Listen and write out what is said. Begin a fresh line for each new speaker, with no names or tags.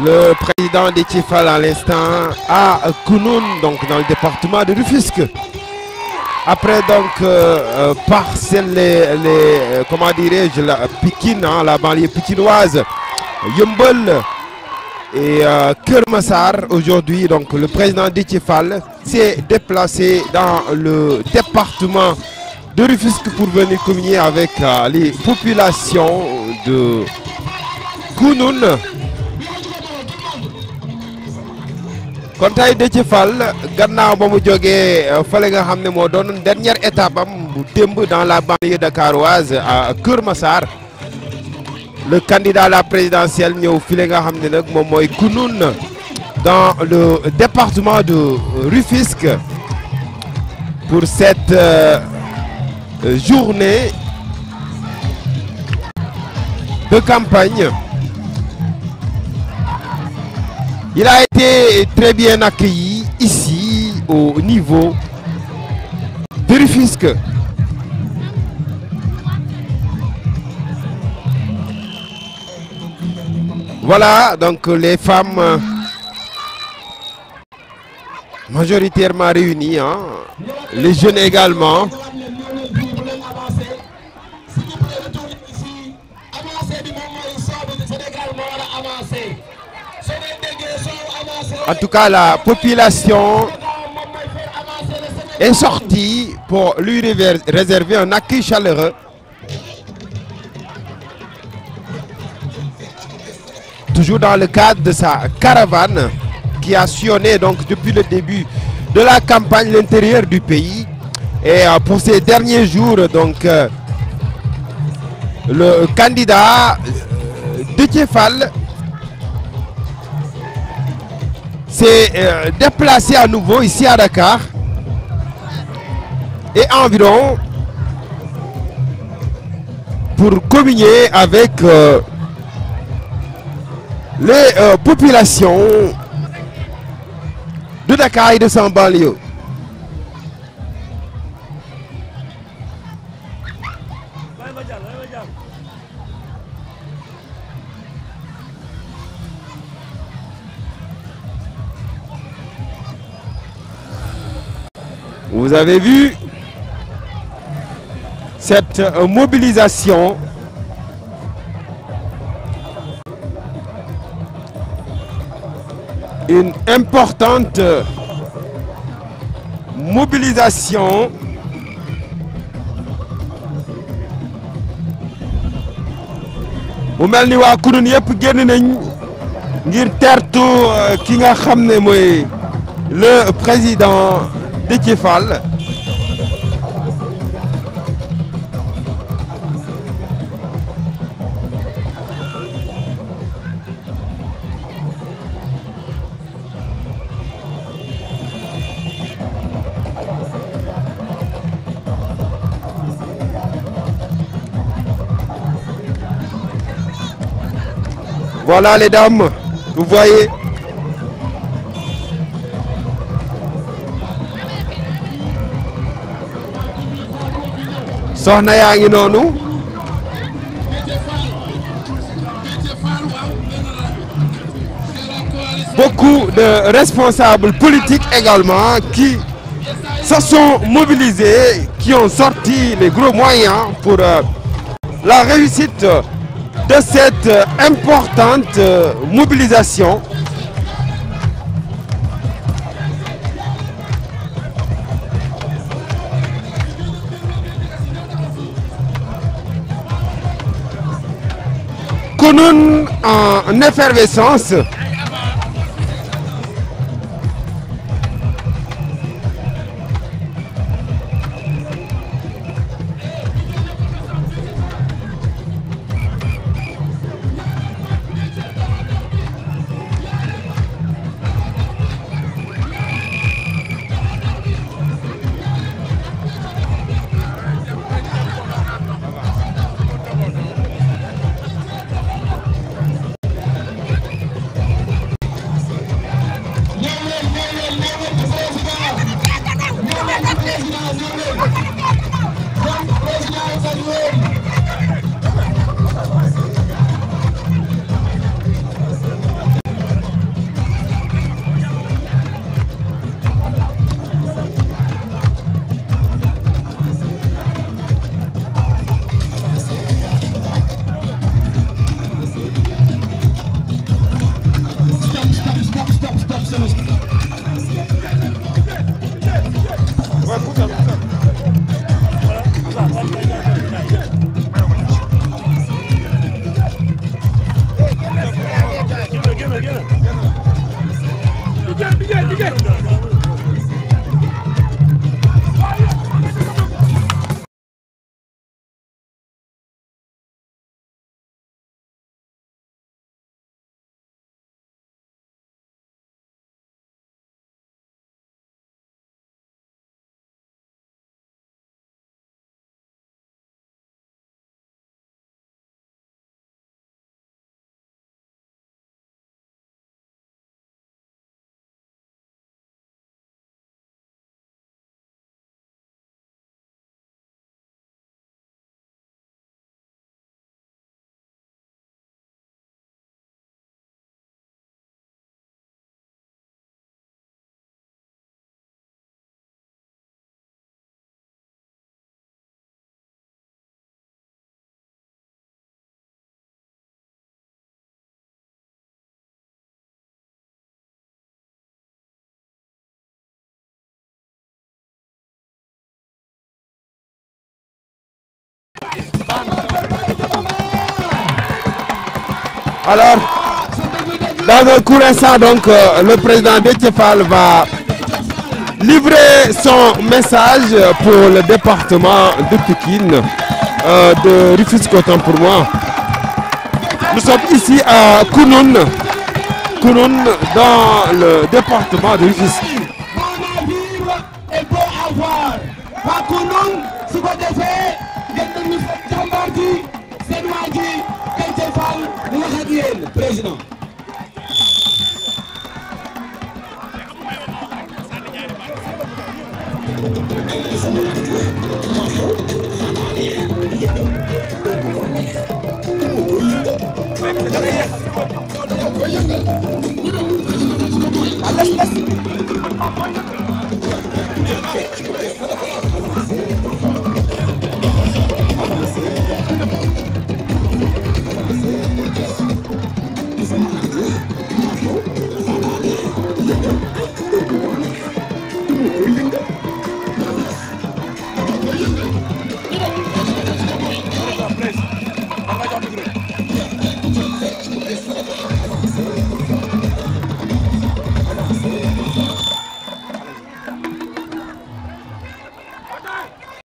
Le président des à l'instant à Kounoun, donc dans le département de Rufisque. Après donc euh, euh parcelle les, euh, comment dirais-je la Pikine, hein, la banlieue pikinoise, Yumbol et euh, Kermassar aujourd'hui donc le président d'Itifal s'est déplacé dans le département de Rufusque pour venir communier avec les populations de Kounoun kon de Déthié Fall gannaaw ba mu jógee euh, fële nga xamné mo doon dernière étape am bu dans la banlieue dakaroise à Kër Massar le candidat à la présidentielle ñeu filé nga xamné nak mom moy mooy dans le département de Rufisque pour cette euh, journée de campagne Il a été très bien accueilli ici au niveau du Rufisque. Voilà, donc les femmes majoritairement réunies, hein. les jeunes également. En tout cas, la population est sortie pour lui réserver un accueil chaleureux. Toujours dans le cadre de sa caravane qui a sillonné donc depuis le début de la campagne l'intérieur du pays. Et euh, pour ces derniers jours, donc, euh, le candidat euh, de Tiefal C'est euh, déplacé à nouveau ici à Dakar et environ pour communier avec euh, les euh, populations de Dakar et de son banlieue. Vous avez vu cette mobilisation une importante mobilisation bu melni wa kunun yep genn nañ ngir tertu euh, ki nga moy le président des Voilà les dames, vous voyez beaucoup de responsables politiques également qui se sont mobilisés, qui ont sorti les gros moyens pour euh, la réussite de cette euh, importante euh, mobilisation en effervescence Alors, dans le cours ça donc, euh, le président Détiefal va livrer son message pour le département de Pékin, euh, de Rufus Coton pour moi. Nous sommes ici à Kounoun, dans le département de Rufus. seen waa ji Déthié Fall mu wax ak yéen président.